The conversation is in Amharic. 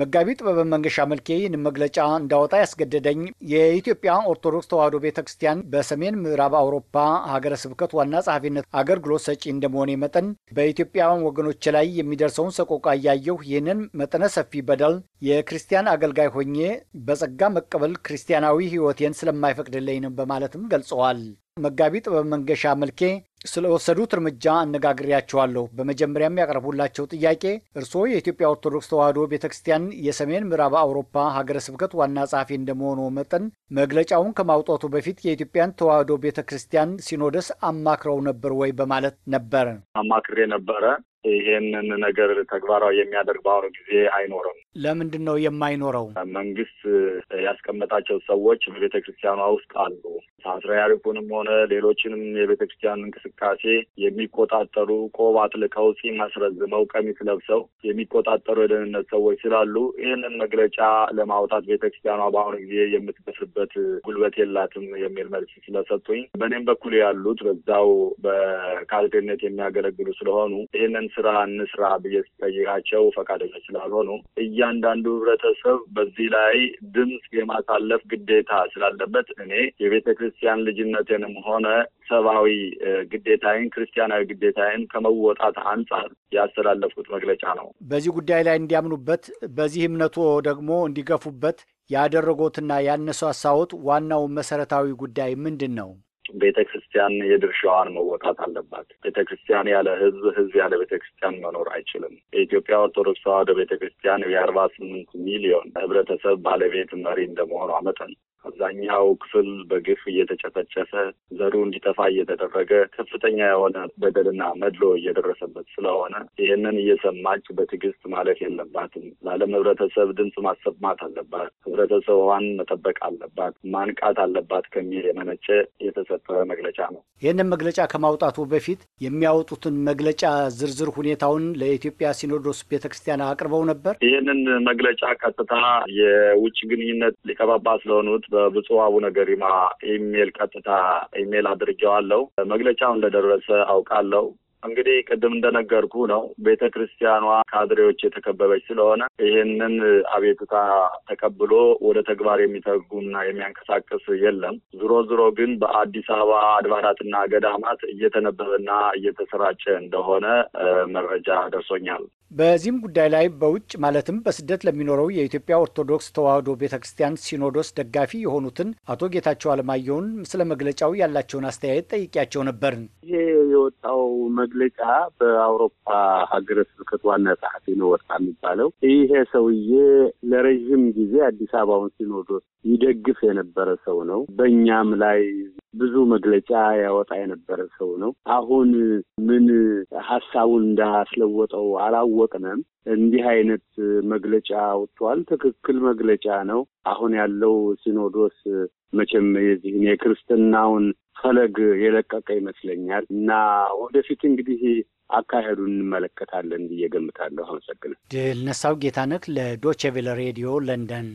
መጋቢ ጥበበ መንገሻ መልኬ ይህንን መግለጫ እንዳወጣ ያስገደደኝ የኢትዮጵያ ኦርቶዶክስ ተዋሕዶ ቤተ ክርስቲያን በሰሜን ምዕራብ አውሮፓ ሀገረ ስብከት ዋና ጸሐፊነት አገልግሎት ሰጪ እንደመሆኔ መጠን በኢትዮጵያውያን ወገኖች ላይ የሚደርሰውን ሰቆቃ እያየሁ ይህንን መጠነ ሰፊ በደል የክርስቲያን አገልጋይ ሆኜ በጸጋ መቀበል ክርስቲያናዊ ሕይወቴን ስለማይፈቅድልኝ ነው በማለትም ገልጸዋል። መጋቢ ጥበብ መንገሻ መልኬ ስለወሰዱት እርምጃ አነጋግሬያቸዋለሁ። በመጀመሪያም ያቀረቡላቸው ጥያቄ እርስዎ የኢትዮጵያ ኦርቶዶክስ ተዋሕዶ ቤተ ክርስቲያን የሰሜን ምዕራብ አውሮፓ ሀገረ ስብከት ዋና ጸሐፊ እንደመሆኑ መጠን መግለጫውን ከማውጣቱ በፊት የኢትዮጵያን ተዋሕዶ ቤተ ክርስቲያን ሲኖደስ አማክረው ነበር ወይ በማለት ነበር። አማክሬ ነበረ። ይሄንን ነገር ተግባራዊ የሚያደርግ በአሁኑ ጊዜ አይኖርም። ለምንድን ነው የማይኖረው? መንግስት ያስቀመጣቸው ሰዎች በቤተ ክርስቲያኗ ውስጥ አሉ። አስሪያሪኩንም ሆነ ሌሎችንም የቤተ ክርስቲያን እንቅስቃሴ የሚቆጣጠሩ ቆብ አጥልቀው፣ ጺም አስረዝመው፣ ቀሚስ ለብሰው የሚቆጣጠሩ የደህንነት ሰዎች ስላሉ ይህንን መግለጫ ለማውጣት ቤተ ክርስቲያኗ በአሁኑ ጊዜ የምትደፍርበት ጉልበት የላትም የሚል መልስ ስለሰጡኝ በእኔም በኩል ያሉት በዛው በካልቴነት የሚያገለግሉ ስለሆኑ ይህንን ስራ እንስራ ብዬ ስጠይቃቸው ፈቃደኛ ስላልሆኑ እያንዳንዱ ህብረተሰብ በዚህ ላይ ድምፅ የማሳለፍ ግዴታ ስላለበት እኔ የቤተ ክርስቲያን ልጅነቴንም ሆነ ሰብአዊ ግዴታዬን ክርስቲያናዊ ግዴታዬን ከመወጣት አንጻር ያስተላለፉት መግለጫ ነው። በዚህ ጉዳይ ላይ እንዲያምኑበት በዚህ እምነቶ ደግሞ እንዲገፉበት ያደረጎትና ያነሳሳዎት ዋናው መሰረታዊ ጉዳይ ምንድን ነው? ቤተ ክርስቲያን የድርሻዋን መወጣት አለባት። ቤተ ክርስቲያን ያለ ህዝብ፣ ህዝብ ያለ ቤተ ክርስቲያን መኖር አይችልም። የኢትዮጵያ ኦርቶዶክስ ተዋህዶ ቤተ ክርስቲያን የአርባ ስምንት ሚሊዮን ህብረተሰብ ባለቤት መሪ እንደመሆኗ መጠን አብዛኛው ክፍል በግፍ እየተጨፈጨፈ ዘሩ እንዲጠፋ እየተደረገ ከፍተኛ የሆነ በደልና መድሎ እየደረሰበት ስለሆነ ይህንን እየሰማች በትዕግስት ማለፍ የለባትም። ለዓለም ህብረተሰብ ድምፅ ማሰማት አለባት። ህብረተሰቧን መጠበቅ አለባት፣ ማንቃት አለባት ከሚል የመነጨ የተሰጠ መግለጫ ነው። ይህንን መግለጫ ከማውጣቱ በፊት የሚያወጡትን መግለጫ ዝርዝር ሁኔታውን ለኢትዮጵያ ሲኖዶስ ቤተክርስቲያን አቅርበው ነበር። ይህንን መግለጫ ቀጥታ የውጭ ግንኙነት ሊቀባባ ስለሆኑት በ በብፁዕ አቡነ ገሪማ ኢሜል ቀጥታ ኢሜል አድርጌዋለሁ። መግለጫው እንደደረሰ አውቃለሁ። እንግዲህ ቅድም እንደነገርኩ ነው ቤተ ክርስቲያኗ ካድሬዎች የተከበበች ስለሆነ ይህንን አቤቱታ ተቀብሎ ወደ ተግባር የሚተጉና የሚያንቀሳቅስ የለም። ዞሮ ዞሮ ግን በአዲስ አበባ አድባራትና ገዳማት እየተነበበና እየተሰራጨ እንደሆነ መረጃ ደርሶኛል። በዚህም ጉዳይ ላይ በውጭ ማለትም በስደት ለሚኖረው የኢትዮጵያ ኦርቶዶክስ ተዋህዶ ቤተ ክርስቲያን ሲኖዶስ ደጋፊ የሆኑትን አቶ ጌታቸው አለማየሁን ስለ መግለጫው ያላቸውን አስተያየት ጠይቄያቸው ነበርን። የወጣው መግለጫ በአውሮፓ ሀገረ ስብከት ዋና ጸሐፊ ነው ወርቃ የሚባለው። ይሄ ሰውዬ ለረዥም ጊዜ አዲስ አበባውን ሲኖዶስ ይደግፍ የነበረ ሰው ነው። በእኛም ላይ ብዙ መግለጫ ያወጣ የነበረ ሰው ነው። አሁን ምን ሀሳቡን እንዳስለወጠው አላወቅንም። እንዲህ አይነት መግለጫ አውጥቷል። ትክክል መግለጫ ነው። አሁን ያለው ሲኖዶስ መቼም የዚህን የክርስትናውን ፈለግ የለቀቀ ይመስለኛል እና ወደፊት እንግዲህ አካሄዱን እንመለከታለን ብዬ ገምታለሁ። አመሰግናል። ድል ነሳው ጌታነህ ለዶቼ ቬለ ሬዲዮ ለንደን